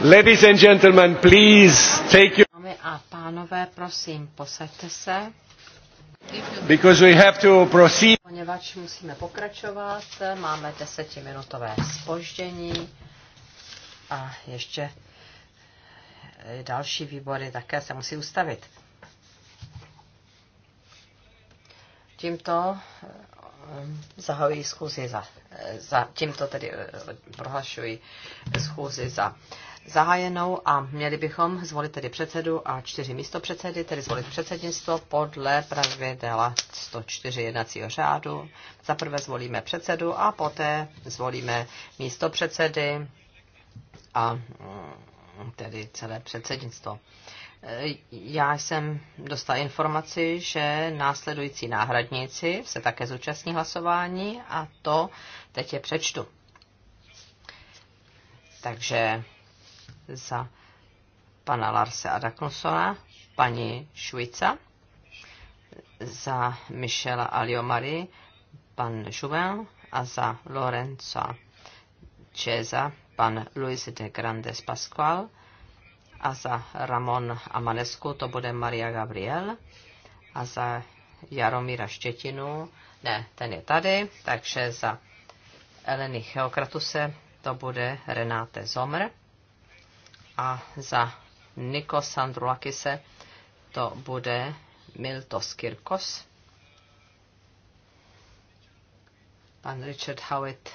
Ladies and gentlemen, please take your... Dámy a pánové, prosím, posaďte se. Because we have to proceed. Poněvadž musíme pokračovat, máme desetiminutové spoždění a ještě eh, další výbory také se musí ustavit. Tímto eh, zahajuji schůzi za, eh, za tímto tedy prohlašuji schůzi za zahájenou a měli bychom zvolit tedy předsedu a čtyři místopředsedy, tedy zvolit předsednictvo podle pravidla 104 jednacího řádu. Za prvé zvolíme předsedu a poté zvolíme místopředsedy a mm, tedy celé předsednictvo. Já jsem dostal informaci, že následující náhradníci se také zúčastní hlasování a to teď je přečtu. Takže za pana Larse Adaklsona, paní Švica, za Michela Aliomari, pan Juven a za Lorenzo Cesa, pan Luis de Grandes Pascual a za Ramon Amanescu to bude Maria Gabriel a za Jaromíra Štětinu, ne, ten je tady, takže za Eleny Cheokratuse to bude Renáte Zomr a za Nikos Sandrulakise to bude Miltos Kirkos. Pan Richard Howitt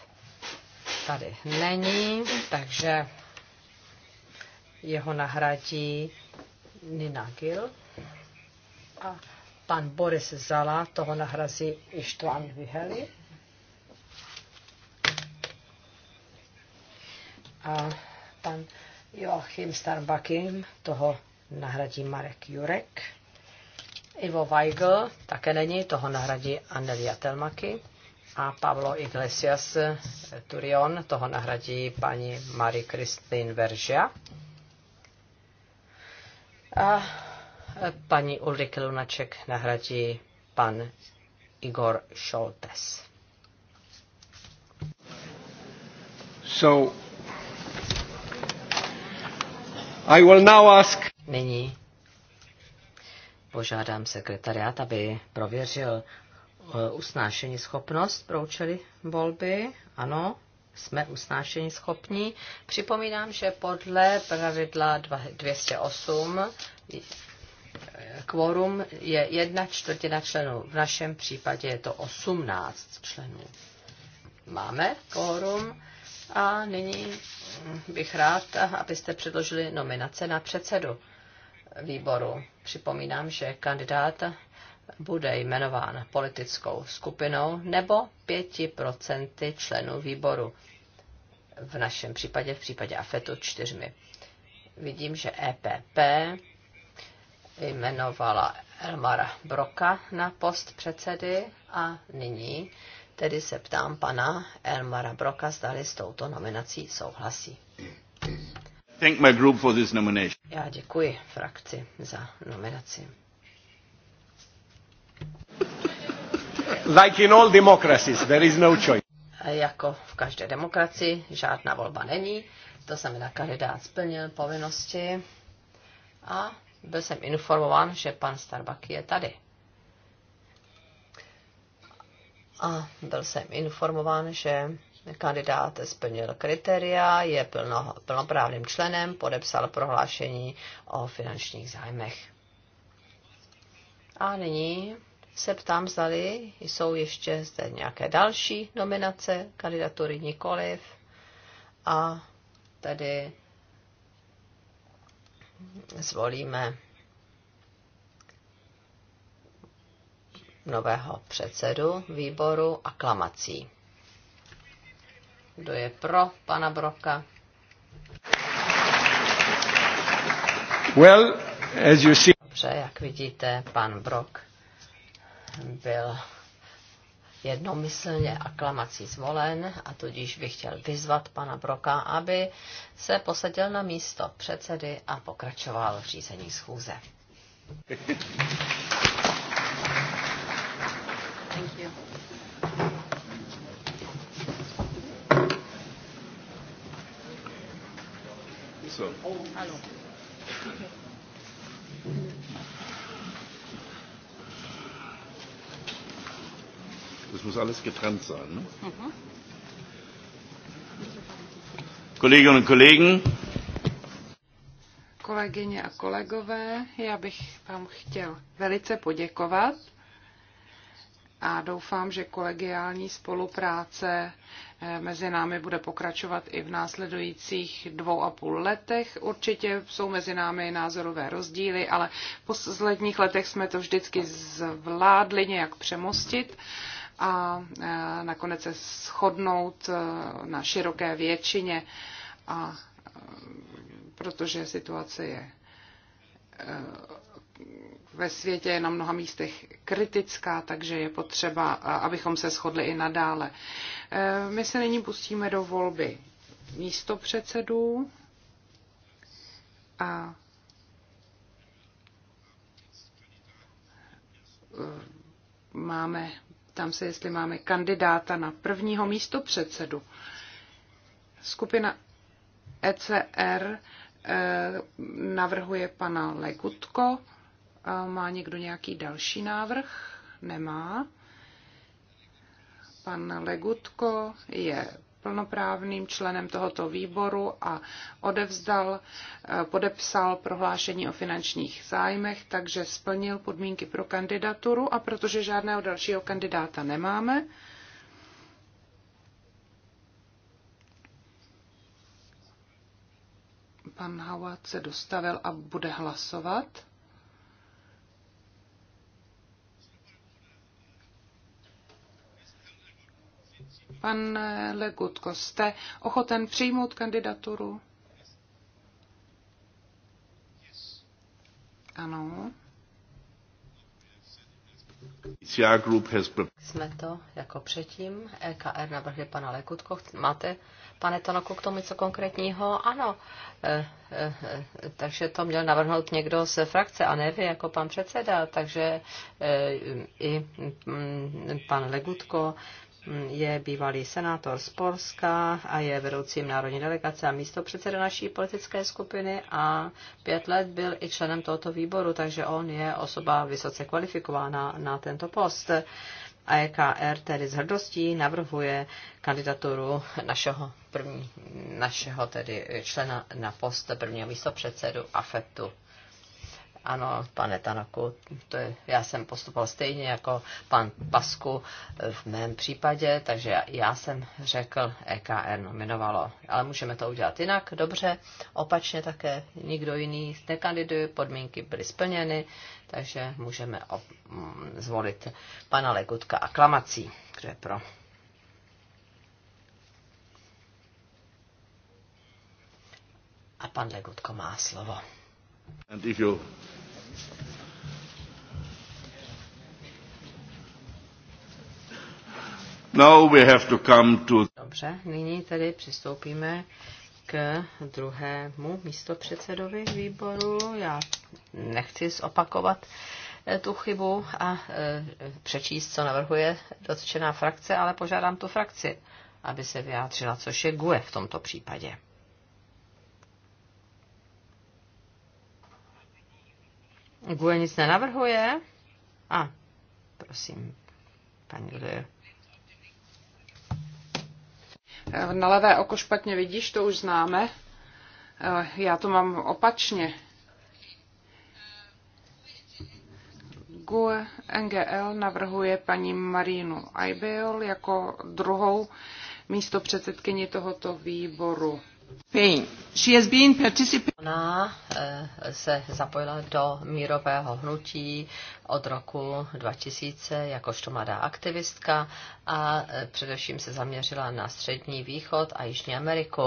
tady není, takže jeho nahradí Nina Gill a pan Boris Zala toho nahrazí Ištván Viheli. A pan Joachim Starbakim, toho nahradí Marek Jurek. Ivo Weigl také není, toho nahradí Annelia Telmaky. A Pablo Iglesias Turion, toho nahradí paní Marie Christine Veržia. A paní Ulrike Lunaček nahradí pan Igor Šoltes. So i will now ask... Nyní požádám sekretariát, aby prověřil eh, usnášení schopnost pro účely volby. Ano, jsme usnášení schopní. Připomínám, že podle pravidla 208 kvorum je jedna čtvrtina členů. V našem případě je to 18 členů. Máme kvorum a nyní bych rád, abyste předložili nominace na předsedu výboru. Připomínám, že kandidát bude jmenován politickou skupinou nebo 5% členů výboru. V našem případě, v případě AFETu, čtyřmi. Vidím, že EPP jmenovala Elmara Broka na post předsedy a nyní Tedy se ptám pana Elmara Broka, zdali s touto nominací souhlasí. Thank my group for this nomination. Já děkuji frakci za nominaci. Like in all democracies, there is no choice. Jako v každé demokracii žádná volba není, to znamená, kandidát splnil povinnosti a byl jsem informován, že pan Starbuck je tady. a byl jsem informován, že kandidát splnil kritéria, je plno, plnoprávným členem, podepsal prohlášení o finančních zájmech. A nyní se ptám, zdali jsou ještě zde nějaké další nominace, kandidatury nikoliv. A tedy zvolíme nového předsedu výboru aklamací. Kdo je pro pana Broka? Well, as you see... Dobře, jak vidíte, pan Brok byl jednomyslně aklamací zvolen a tudíž bych chtěl vyzvat pana Broka, aby se posadil na místo předsedy a pokračoval v řízení schůze. So. Das muss alles getrennt sein. Ne? Mhm. Kolleginnen und Kollegen. Kolegyně a kolegové, já bych vám chtěl velice poděkovat a doufám, že kolegiální spolupráce eh, mezi námi bude pokračovat i v následujících dvou a půl letech. Určitě jsou mezi námi názorové rozdíly, ale v posledních letech jsme to vždycky zvládli nějak přemostit a eh, nakonec se shodnout eh, na široké většině, a protože situace je ve světě je na mnoha místech kritická, takže je potřeba, abychom se shodli i nadále. E, my se nyní pustíme do volby místo předsedů a e, máme, tam se, jestli máme kandidáta na prvního místo předsedu. Skupina ECR e, navrhuje pana Legutko má někdo nějaký další návrh? Nemá. Pan Legutko je plnoprávným členem tohoto výboru a odevzdal, eh, podepsal prohlášení o finančních zájmech, takže splnil podmínky pro kandidaturu a protože žádného dalšího kandidáta nemáme, pan Howard se dostavil a bude hlasovat. Pane Legutko, jste ochoten přijmout kandidaturu? Ano. Jsme to jako předtím. EKR navrhli pana Lekutko. Máte, pane Tonoku, k tomu něco konkrétního? Ano. E, e, e, takže to měl navrhnout někdo z frakce a ne vy jako pan předseda. Takže e, i m, pan Legutko je bývalý senátor z Polska a je vedoucím národní delegace a místo předseda naší politické skupiny a pět let byl i členem tohoto výboru, takže on je osoba vysoce kvalifikovaná na tento post. A EKR tedy s hrdostí navrhuje kandidaturu našeho, první, našeho tedy člena na post prvního místopředsedu AFETu. Ano, pane Tanaku, to je, já jsem postupoval stejně jako pan Pasku e, v mém případě, takže já jsem řekl, EKR nominovalo. Ale můžeme to udělat jinak, dobře, opačně také, nikdo jiný nekandiduje, podmínky byly splněny, takže můžeme mm, zvolit pana Legutka aklamací, kdo je pro. A pan Legutko má slovo. And if you Now we have to come to... Dobře, nyní tedy přistoupíme k druhému místopředsedovi výboru. Já nechci zopakovat eh, tu chybu a e, přečíst, co navrhuje dotčená frakce, ale požádám tu frakci, aby se vyjádřila, což je GUE v tomto případě. GUE nic nenavrhuje? A, prosím, paní Lir. Eh, na levé oko špatně vidíš, to už známe. Eh, já to mám opačně. GUE NGL navrhuje paní Marínu Aibel jako druhou místo předsedkyni tohoto výboru. Pink. She has been Ona eh, se zapojila do mírového hnutí od roku 2000 jakožto mladá aktivistka a eh, především se zaměřila na Střední východ a Jižní Ameriku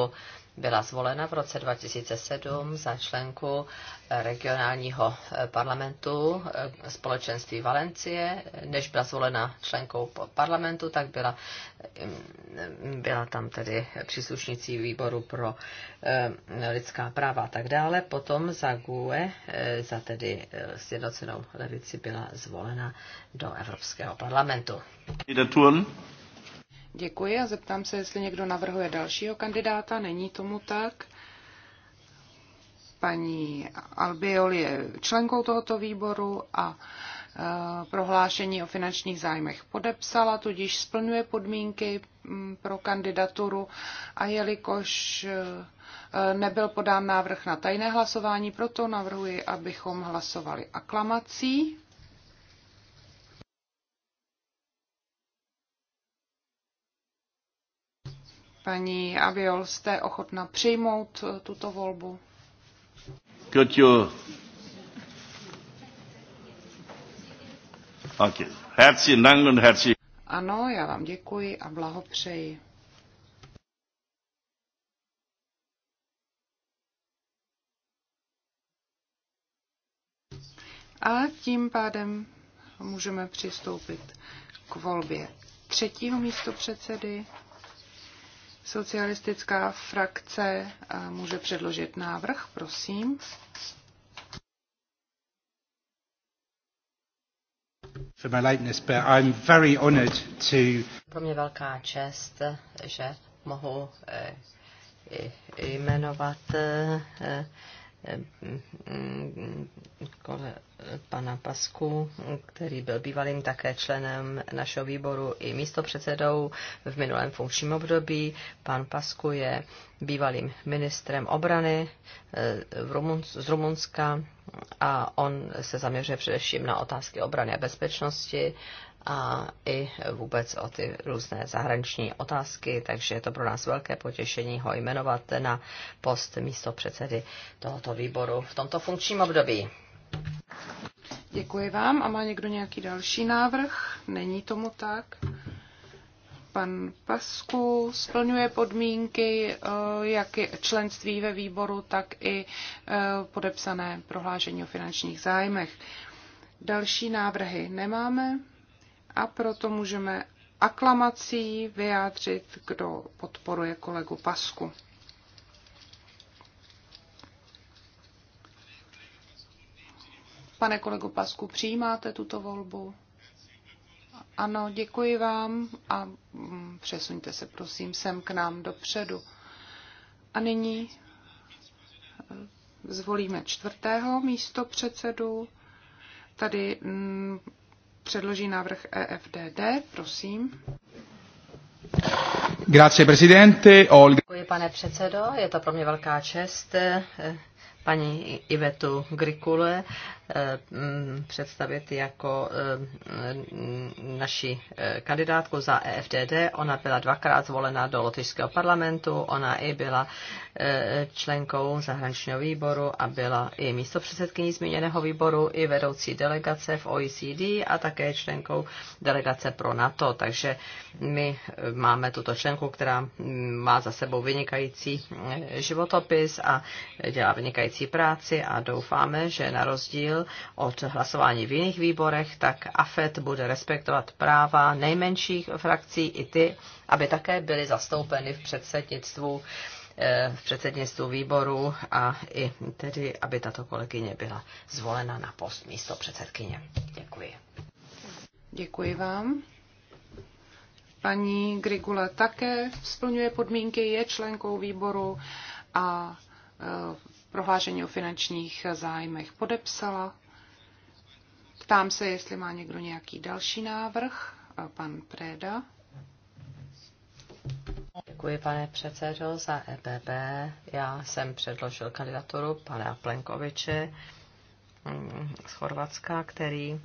byla zvolena v roce 2007 za členku regionálního eh, parlamentu eh, společenství Valencie. Než byla zvolena členkou parlamentu, tak byla, mm, mm, byla tam tedy příslušnicí výboru pro eh, lidská práva a tak dále. Potom za GUE, za tedy sjednocenou levici, byla zvolena do Evropského parlamentu. Kandidaturen Děkuji a zeptám se, jestli někdo navrhuje dalšího kandidáta. Není tomu tak. Paní Albiol je členkou tohoto výboru a e, prohlášení o finančních zájmech podepsala, tudíž splňuje podmínky mm, pro kandidaturu a jelikož e, e, nebyl podán návrh na tajné hlasování, proto navrhuji, abychom hlasovali aklamací. Paní Aviol, jste ochotna přijmout e, tuto volbu? Could you... Okay. Herzlichen Dank und herzlichen ano, já vám děkuji a blahopřeji. A tím pádem můžeme přistoupit k volbě třetího místo předsedy. Socialistická frakce eh, může předložit návrh, prosím. For my lateness, but I'm very honored to... Pro mě velká čest, že mohu eh, jmenovat eh, mm, mm, pana Pasku, který byl bývalým také členem našeho výboru i místopředsedou v minulém funkčním období. Pan Pasku je bývalým ministrem obrany eh, z Rumunska a on se zaměřuje především na otázky obrany a bezpečnosti a i vůbec o ty různé zahraniční otázky, takže je to pro nás velké potěšení ho jmenovat na post místo předsedy tohoto výboru v tomto funkčním období. Děkuji vám. A má někdo nějaký další návrh? Není tomu tak. Pan Pasku splňuje podmínky eh, jak i členství ve výboru, tak i eh, podepsané prohlášení o finančních zájmech. Další návrhy nemáme a proto můžeme aklamací vyjádřit, kdo podporuje kolegu Pasku. Pane kolego Pasku, přijímáte tuto volbu? Ano, děkuji vám a mm, přesuňte se prosím sem k nám dopředu. A nyní e, zvolíme čtvrtého místo předsedu. Tady mm, předloží návrh EFDD, prosím. Grazie, presidente. Olga. Děkuji, pane předsedo. Je to pro mě velká čest e, paní Ivetu Grikule Eh, představit jako eh, naši eh, kandidátku za EFDD. Ona byla dvakrát zvolena do lotyšského parlamentu, ona i byla členkou zahraničního výboru a byla i místopředsedkyní zmíněného výboru, i vedoucí delegace v OECD a také členkou delegace pro NATO. Takže my máme tuto členku, která má za sebou vynikající životopis a dělá vynikající práci a doufáme, že na rozdíl odklonil od hlasování v jiných výborech, tak AFET bude respektovat práva nejmenších frakcí i ty, aby také byly zastoupeny v předsednictvu eh, v předsednictvu výboru a i tedy, aby tato kolegyně byla zvolena na post místo předsedkyně. Děkuji. Děkuji vám. Paní Grigula také splňuje podmínky, je členkou výboru a eh, prohlášení o finančních zájmech podepsala. Ptám se, jestli má někdo nějaký další návrh. Pan Preda. Děkuji, pane předsedo, za EBB. Já jsem předložil kandidaturu pana Plenkoviče z Chorvatska, který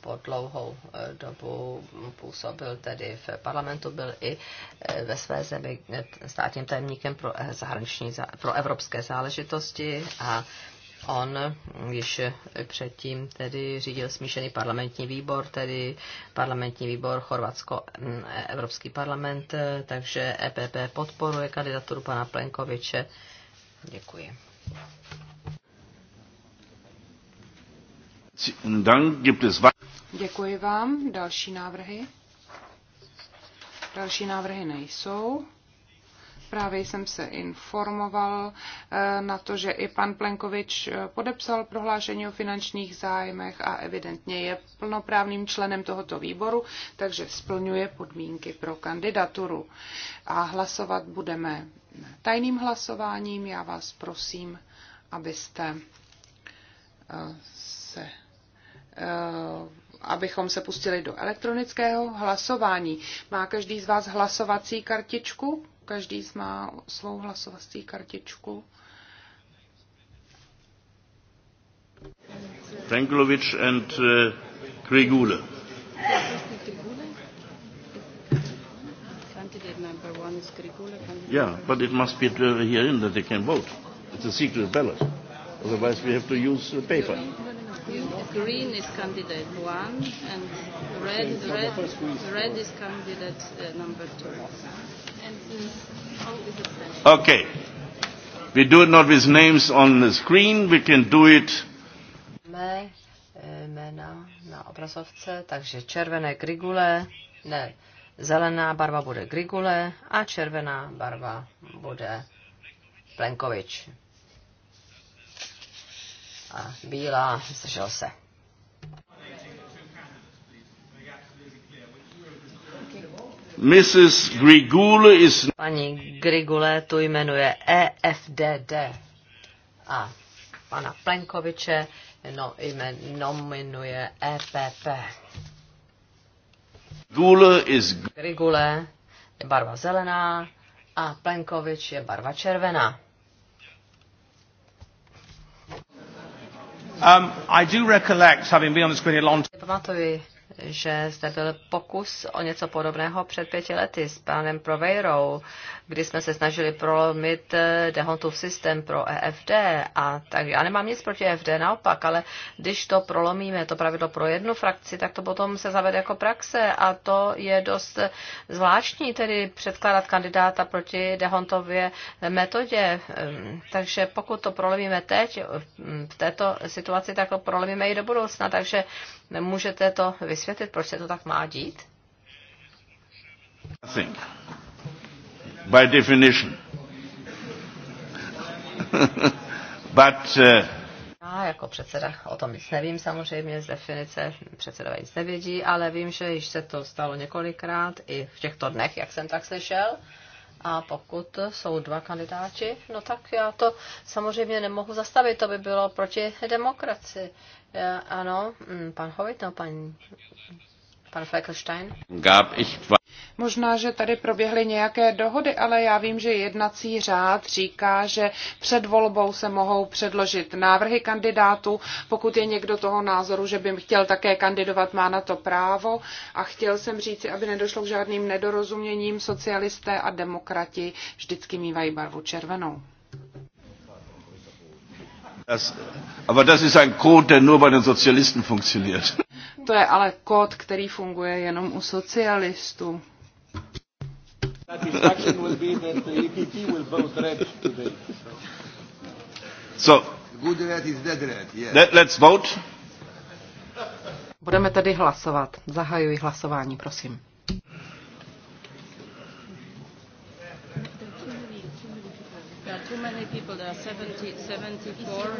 po dlouhou eh, dobu působil tedy v parlamentu, byl i eh, ve své zemi eh, státním tajemníkem pro, zahraniční, pro evropské záležitosti a On již předtím tedy řídil smíšený parlamentní výbor, tedy parlamentní výbor Chorvatsko-Evropský mm, parlament, takže EPP podporuje kandidaturu pana Plenkoviče. Děkuji. Děkuji vám. Další návrhy? Další návrhy nejsou. Právě jsem se informoval eh, na to, že i pan Plenkovič eh, podepsal prohlášení o finančních zájmech a evidentně je plnoprávným členem tohoto výboru, takže splňuje podmínky pro kandidaturu. A hlasovat budeme tajným hlasováním. Já vás prosím, abyste eh, se Eh, abychom se pustili do elektronického hlasování. Má každý z vás hlasovací kartičku? Každý z má svou hlasovací kartičku. Plenkovič and eh, uh, Krigule. Yeah, but it must be here in that they can vote. It's a secret ballot. Otherwise we have to use paper green is candidate one, and red red red is candidate uh, number two. And uh, okay. We do it not with names on the screen, we can do it. Mé eh, jména na obrazovce, takže červené grigule, ne, zelená barva bude grigule a červená barva bude plenkovič a Bílá, zdržel se. Mrs. Grigule is... Paní Grigule tu jmenuje EFDD a pana Plenkoviče no, nominuje EPP. Grigule is... Grigule je barva zelená a Plenkovič je barva červená. Um, I do recollect having been on the screen a long time že zde byl pokus o něco podobného před pěti lety s panem Provejrou, kdy jsme se snažili prolomit eh, Dehontův systém pro EFD. A tak já nemám nic proti EFD, naopak, ale když to prolomíme, to pravidlo pro jednu frakci, tak to potom se zavede jako praxe a to je dost zvláštní, tedy předkládat kandidáta proti Dehontově metodě. Ehm, takže pokud to prolomíme teď v této situaci, tak to prolomíme i do budoucna. Takže Nemůžete to vysvětlit, proč se to tak má dít? Nothing. By definition. But, uh... Já jako předseda o tom nic nevím samozřejmě z definice, předsedové nic nevědí, ale vím, že již se to stalo několikrát i v těchto dnech, jak jsem tak slyšel. A pokud jsou dva kandidáti, no tak já to samozřejmě nemohu zastavit, to by bylo proti demokracii. Eh, ano, mm, pan Hovit, no, pan, pan Fleckelstein. Možná, že tady proběhly nějaké dohody, ale já vím, že jednací řád říká, že před volbou se mohou předložit návrhy kandidátů. Pokud je někdo toho názoru, že by chtěl také kandidovat, má na to právo. A chtěl jsem říci, aby nedošlo k žádným nedorozuměním, socialisté a demokrati vždycky mývají barvu červenou. Das, aber das ist ein Code, der nur bei den Sozialisten funktioniert. To je ale kód, který funguje jenom u socialistů. E so, let's vote. Budeme tedy hlasovat. Zahajuji hlasování, prosím. many people. There are 70, 74.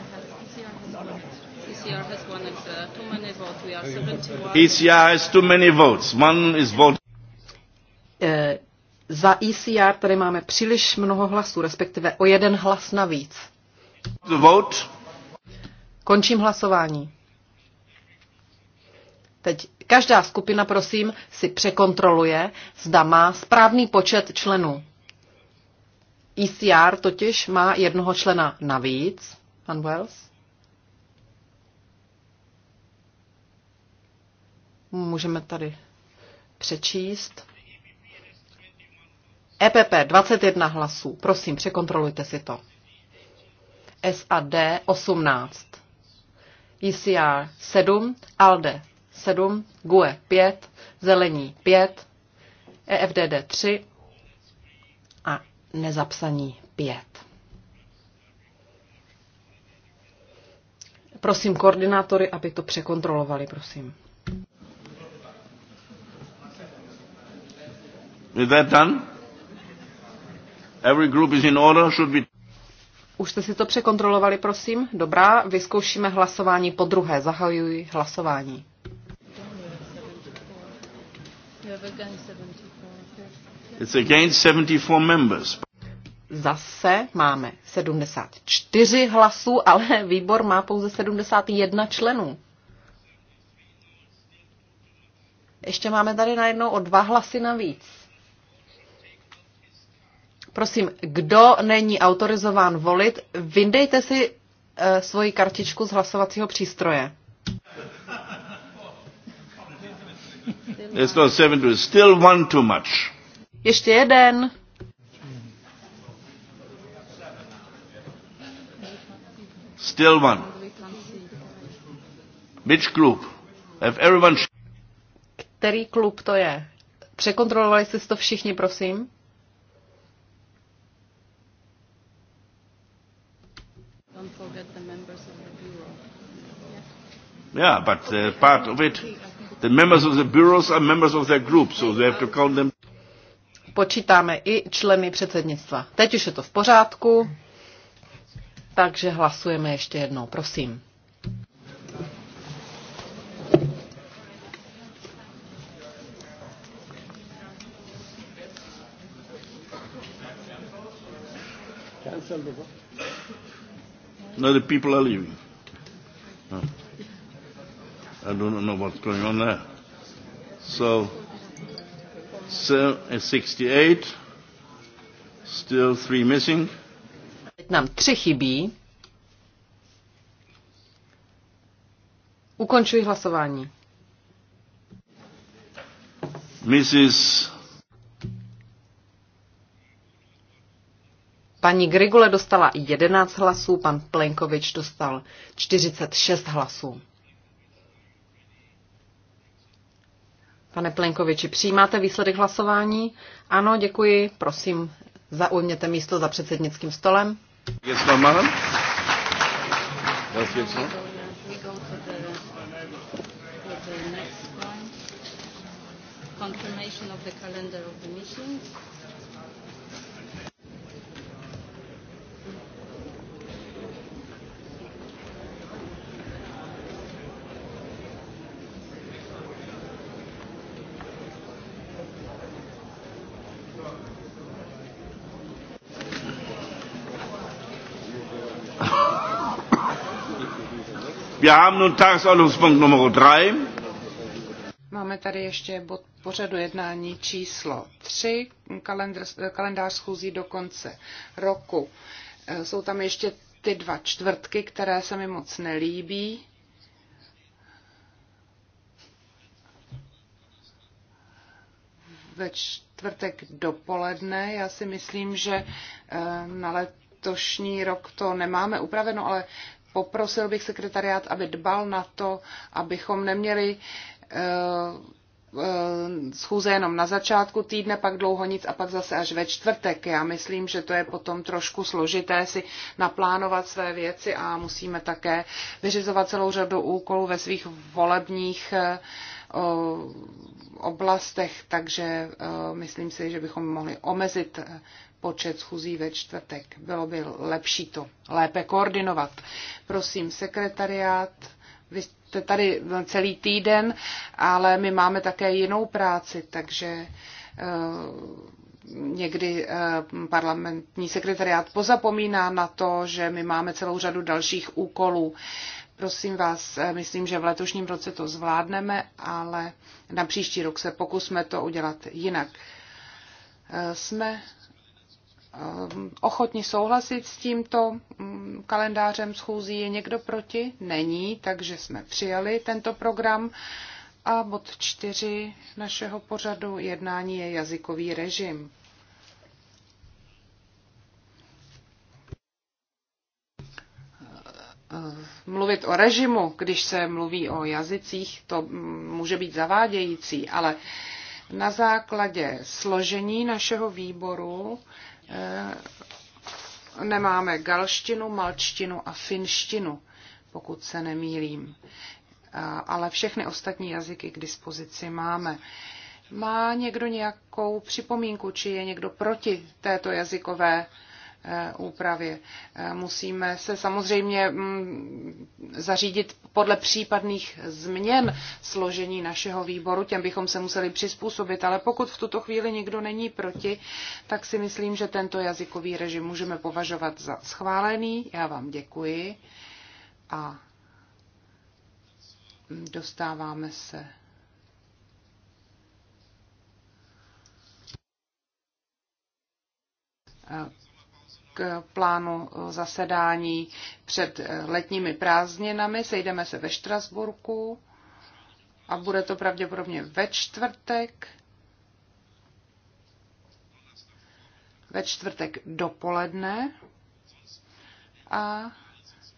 ECR has one extra. Uh, too many votes. We are 71. ECR has too many votes. One is voting. Eh, za ECR tady máme příliš mnoho hlasů, respektive o jeden hlas navíc. vote. Končím hlasování. Teď každá skupina, prosím, si překontroluje, zda má správný počet členů. ECR totiž má jednoho člena navíc, pan Wells. Můžeme tady přečíst. EPP 21 hlasů. Prosím, překontrolujte si to. SAD 18. ECR 7. ALDE 7. GUE 5. Zelení 5. EFDD 3 nezapsaní pět. Prosím koordinátory, aby to překontrolovali, prosím. Is that done? Every group is in order, should be... Už jste si to překontrolovali, prosím? Dobrá, vyzkoušíme hlasování po druhé. Zahajuji hlasování. It's again 74 members. Zase máme 74 hlasů, ale výbor má pouze 71 členů. Ještě máme tady najednou o dva hlasy navíc. Prosím, kdo není autorizován volit, vyndejte si e, svoji kartičku z hlasovacího přístroje. not still one too much. Ještě jeden. Still one. Which club? Have everyone... Který klub to je? Překontrolovali jste to všichni, prosím? Yeah, but uh, part of it, the members of the bureaus are members of their group, so they have to count them počítáme i členy předsednictva. Teď už je to v pořádku, takže hlasujeme ještě jednou, prosím. No, the people are leaving. No. I don't know what's going on there. So. 68. Still three missing. Teď nám tři chybí. Ukončuji hlasování. Mrs. Paní Grigule dostala 11 hlasů, pan Plenkovič dostal 46 hlasů. Pane Plenkoviči, přijímáte výsledek hlasování? Ano, děkuji. Prosím, zaujměte místo za předsednickým stolem. Jetzt Confirmation of the calendar of the meetings. Wir haben nun Tagesordnungspunkt Nummer 3. Máme tady ještě bod pořadu jednání číslo 3, kalendář, kalendář schůzí do konce roku. Eh, jsou tam ještě ty dva čtvrtky, které se mi moc nelíbí. Ve čtvrtek dopoledne, já si myslím, že eh, na letošní rok to nemáme upraveno, ale poprosil bych sekretariát, aby dbal na to, abychom neměli eh, eh, schůze jenom na začátku týdne, pak dlouho nic a pak zase až ve čtvrtek. Já myslím, že to je potom trošku složité si naplánovat své věci a musíme také vyřizovat celou řadu úkolů ve svých volebních eh, oblastech, takže myslím si, že bychom mohli omezit počet schůzí ve čtvrtek. Bylo by lepší to lépe koordinovat. Prosím, sekretariát, vy jste tady celý týden, ale my máme také jinou práci, takže eh, někdy eh, parlamentní sekretariát pozapomíná na to, že my máme celou řadu dalších úkolů. Prosím vás, eh, myslím, že v letošním roce to zvládneme, ale na příští rok se pokusme to udělat jinak. Jsme Ehm, ochotni souhlasit s tímto mm, kalendářem schůzí? Je někdo proti? Není, takže jsme přijali tento program. A bod čtyři našeho pořadu jednání je jazykový režim. Ehm, mluvit o režimu, když se mluví o jazycích, to mm, může být zavádějící, ale na základě složení našeho výboru Eh, nemáme galštinu, malčtinu a finštinu, pokud se nemýlím. Eh, ale všechny ostatní jazyky k dispozici máme. Má někdo nějakou připomínku, či je někdo proti této jazykové Eh, úpravě. Eh, musíme se samozřejmě mm, zařídit podle případných změn složení našeho výboru, těm bychom se museli přizpůsobit, ale pokud v tuto chvíli nikdo není proti, tak si myslím, že tento jazykový režim můžeme považovat za schválený. Já vám děkuji a dostáváme se. Uh, k plánu eh, zasedání před eh, letními prázdninami. Sejdeme se ve Štrasburku a bude to pravděpodobně ve čtvrtek. Ve čtvrtek dopoledne. A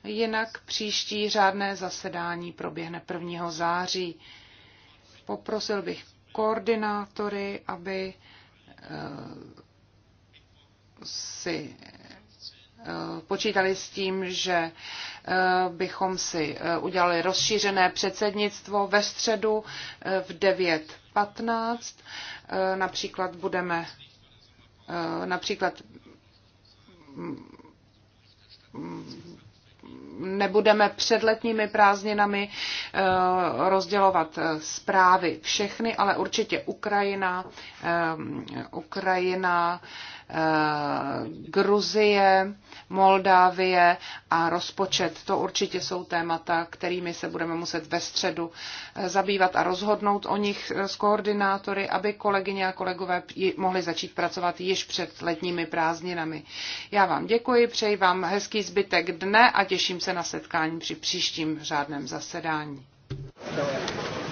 jinak příští řádné zasedání proběhne 1. září. Poprosil bych koordinátory, aby eh, si Eh, počítali s tím, že eh, bychom si eh, udělali rozšířené předsednictvo ve středu v 9.15. Například budeme například mm, nebudeme před letními prázdninami rozdělovat zprávy všechny, ale určitě Ukrajina, Ukrajina Eh, Gruzie, Moldávie a rozpočet. To určitě jsou témata, kterými se budeme muset ve středu eh, zabývat a rozhodnout o nich s koordinátory, aby kolegyně a kolegové mohli začít pracovat již před letními prázdninami. Já vám děkuji, přeji vám hezký zbytek dne a těším se na setkání při příštím řádném zasedání. Dobrý.